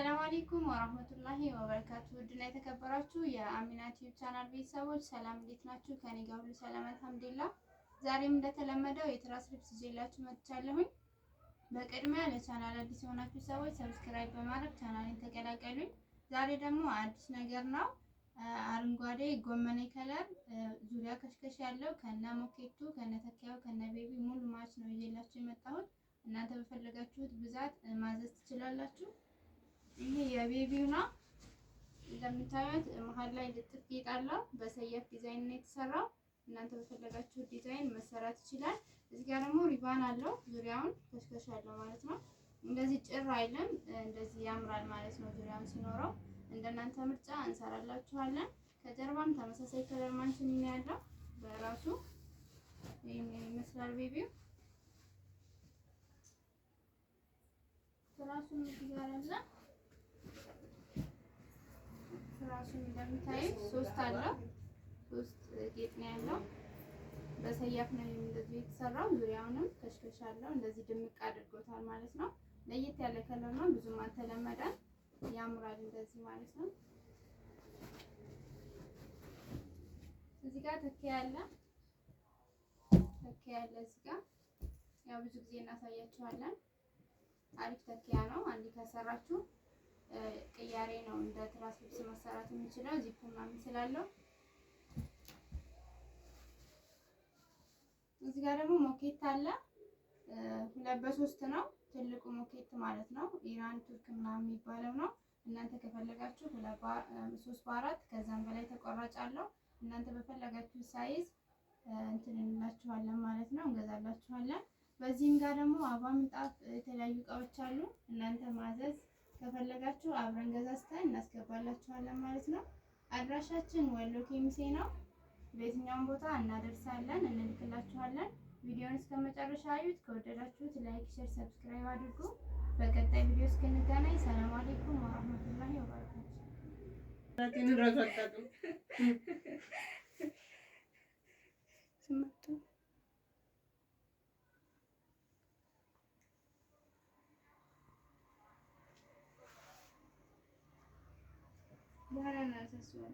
አሰላሙ አሌይኩም ወራህመቱላሂ ወበረካቱ። ውድና የተከበራችሁ የአሚና ቲዩብ ቻናል ቤተሰቦች ሰላም እንዴት ናችሁ? ከኔ ጋር ሁሉ ሰላም አልሐምዱሊላህ። ዛሬም እንደተለመደው የትራስ ልብስ ይዤላችሁ መጥቻለሁኝ። በቅድሚያ ለቻናል አዲስ የሆናችሁ ሰዎች ሰብስክራይብ በማድረግ ቻናልን ተቀላቀሉኝ። ዛሬ ደግሞ አዲስ ነገር ነው። አረንጓዴ ጎመኔ ከለር ዙሪያ ከሽከሽ ያለው ከነ ሞኬቱ ከነ ተኪያው ከነ ቤቢ ሙሉ ማች ነው ይዤላችሁ የመጣሁት። እናንተ በፈለጋችሁት ብዛት ማዘዝ ትችላላችሁ። ይሄ የቤቢው ነው። እንደምታዩት መሀል ላይ ልጥፍ ጌጥ አለው። በሰያፍ ዲዛይን ነው የተሰራው። እናንተ በፈለጋችሁ ዲዛይን መሰራት ይችላል። እዚህ ጋር ደግሞ ሪባን አለው። ዙሪያውን ከሽከሽ አለው ማለት ነው። እንደዚህ ጭር አይልም። እንደዚህ ያምራል ማለት ነው። ዙሪያውን ሲኖረው እንደናንተ ምርጫ እንሰራላችኋለን። ከጀርባም ተመሳሳይ ከለር ማንችን ነው ያለው በራሱ ይመስላል ቤቢው ራሱ ጋር አለ ራሱ እንደምታዩት ሶስት አለው። ሶስት ጌጥ ነው ያለው። በሰያፍ ነው እንደዚህ የተሰራው። ዙሪያውንም ከሽከሽ አለው። እንደዚህ ድምቅ አድርጎታል ማለት ነው። ለየት ያለ ከለር ነው። ብዙም አልተለመደም። ያምራል እንደዚህ ማለት ነው። እዚህ ጋር ተኪያ ያለ ተኪያ ያለ እዚህ ጋር ያው ብዙ ጊዜ እናሳያችኋለን። አሪፍ ተኪያ ነው አንድ ከሰራችሁ ቅያሬ ነው እንደ ትራስ ልብስ መሰራት የሚችለው ዚፕ ምናምን ስላለው። እዚህ ጋር ደግሞ ሞኬት አለ። ሁለት በሶስት ነው ትልቁ ሞኬት ማለት ነው። ኢራን ቱርክ ምናምን የሚባለው ነው። እናንተ ከፈለጋችሁ ሶስት በአራት ከዛም በላይ ተቆራጭ አለው። እናንተ በፈለጋችሁ ሳይዝ እንትን እንላችኋለን ማለት ነው፣ እንገዛላችኋለን። በዚህም ጋር ደግሞ አበባ ምንጣፍ፣ የተለያዩ እቃዎች አሉ። እናንተ ማዘዝ ከፈለጋችሁ አብረን ገዛዝተን እናስገባላችኋለን ማለት ነው። አድራሻችን ወሎ ኬሚሴ ነው። በየትኛውም ቦታ እናደርሳለን፣ እንልክላችኋለን። ቪዲዮውን እስከ መጨረሻ አዩት። ከወደዳችሁት ላይክ፣ ሼር፣ ሰብስክራይብ አድርጉ። በቀጣይ ቪዲዮ እስክንገናኝ ሰላም አለይኩም ወራህመቱላሂ ወበረካቱ። 不然呢？再说。